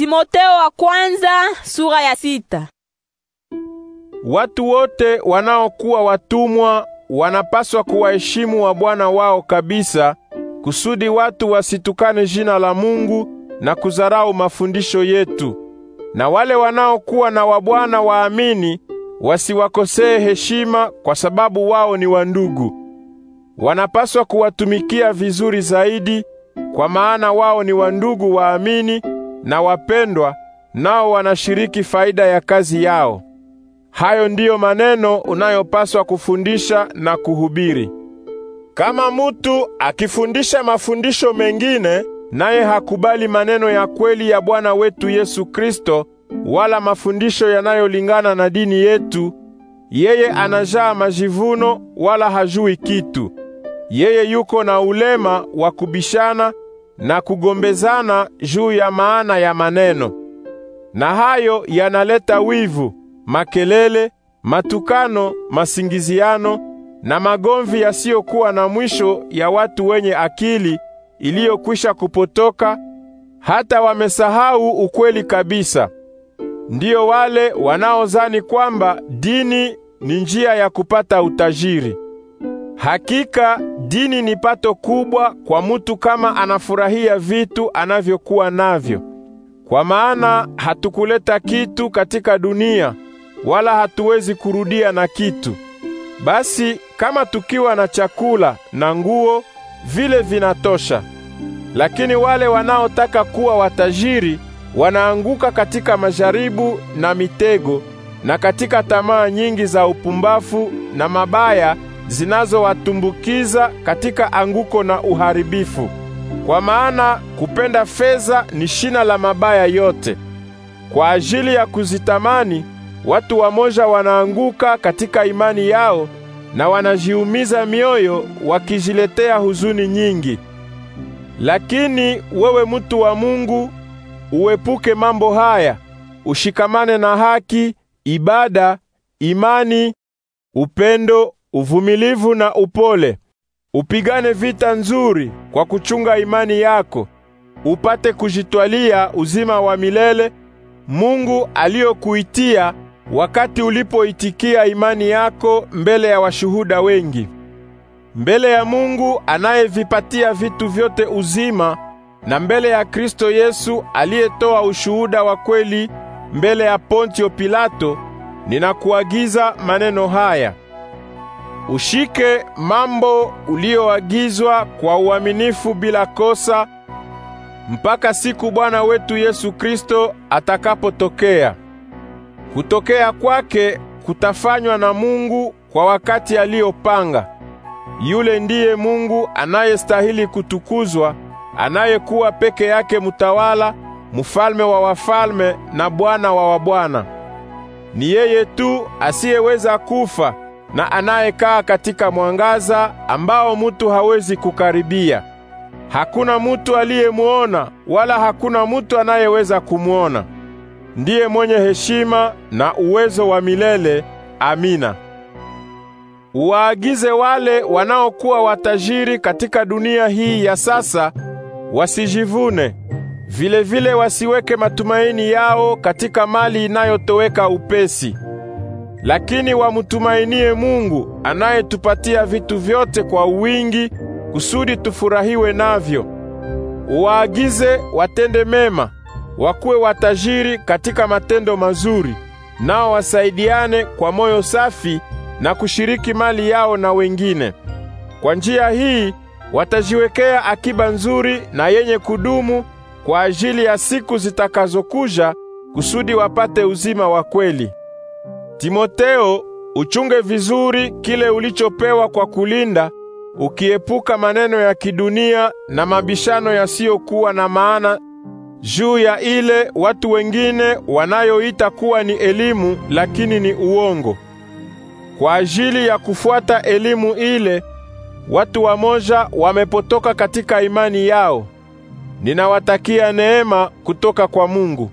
Timoteo wa kwanza sura ya sita. Watu wote wanaokuwa watumwa wanapaswa kuwaheshimu wa bwana wao kabisa, kusudi watu wasitukane jina la Mungu na kuzarau mafundisho yetu. Na wale wanaokuwa na wabwana waamini wasiwakosee heshima, kwa sababu wao ni wandugu. Wanapaswa kuwatumikia vizuri zaidi, kwa maana wao ni wandugu waamini na wapendwa nao wanashiriki faida ya kazi yao. Hayo ndiyo maneno unayopaswa kufundisha na kuhubiri. Kama mutu akifundisha mafundisho mengine naye hakubali maneno ya kweli ya Bwana wetu Yesu Kristo wala mafundisho yanayolingana na dini yetu, yeye anajaa majivuno wala hajui kitu. Yeye yuko na ulema wa kubishana na kugombezana juu ya maana ya maneno, na hayo yanaleta wivu, makelele, matukano, masingiziano na magomvi yasiyokuwa na mwisho ya watu wenye akili iliyokwisha kupotoka, hata wamesahau ukweli kabisa. Ndiyo wale wanaozani kwamba dini ni njia ya kupata utajiri. Hakika dini ni pato kubwa kwa mutu kama anafurahia vitu anavyokuwa navyo. Kwa maana hatukuleta kitu katika dunia wala hatuwezi kurudia na kitu. Basi kama tukiwa na chakula na nguo vile vinatosha. Lakini wale wanaotaka kuwa watajiri wanaanguka katika majaribu na mitego na katika tamaa nyingi za upumbafu na mabaya zinazowatumbukiza katika anguko na uharibifu. Kwa maana kupenda fedha ni shina la mabaya yote. Kwa ajili ya kuzitamani, watu wamoja wanaanguka katika imani yao na wanajiumiza mioyo wakijiletea huzuni nyingi. Lakini wewe mtu wa Mungu, uepuke mambo haya, ushikamane na haki, ibada, imani, upendo, uvumilivu na upole. Upigane vita nzuri kwa kuchunga imani yako, upate kujitwalia uzima wa milele Mungu aliyokuitia wakati ulipoitikia imani yako mbele ya washuhuda wengi. Mbele ya Mungu anayevipatia vitu vyote uzima na mbele ya Kristo Yesu aliyetoa ushuhuda wa kweli mbele ya Pontio Pilato, ninakuagiza maneno haya. Ushike mambo uliyoagizwa kwa uaminifu bila kosa mpaka siku Bwana wetu Yesu Kristo atakapotokea. Kutokea kwake kutafanywa na Mungu kwa wakati aliyopanga. Yule ndiye Mungu anayestahili kutukuzwa, anayekuwa peke yake mutawala, mfalme wa wafalme na Bwana wa wabwana. Ni yeye tu asiyeweza kufa na anayekaa katika mwangaza ambao mutu hawezi kukaribia. Hakuna mutu aliyemuona wala hakuna mutu anayeweza kumwona. Ndiye mwenye heshima na uwezo wa milele. Amina. Waagize wale wanaokuwa watajiri katika dunia hii ya sasa wasijivune, vile vile wasiweke matumaini yao katika mali inayotoweka upesi. Lakini wamutumainie Mungu anayetupatia vitu vyote kwa wingi kusudi tufurahiwe navyo. Waagize watende mema, wakuwe watajiri katika matendo mazuri, nao wasaidiane kwa moyo safi na kushiriki mali yao na wengine. Kwa njia hii watajiwekea akiba nzuri na yenye kudumu kwa ajili ya siku zitakazokuja kusudi wapate uzima wa kweli. Timoteo, uchunge vizuri kile ulichopewa kwa kulinda, ukiepuka maneno ya kidunia na mabishano yasiyokuwa na maana juu ya ile watu wengine wanayoita kuwa ni elimu, lakini ni uongo. Kwa ajili ya kufuata elimu ile, watu wamoja wamepotoka katika imani yao. Ninawatakia neema kutoka kwa Mungu.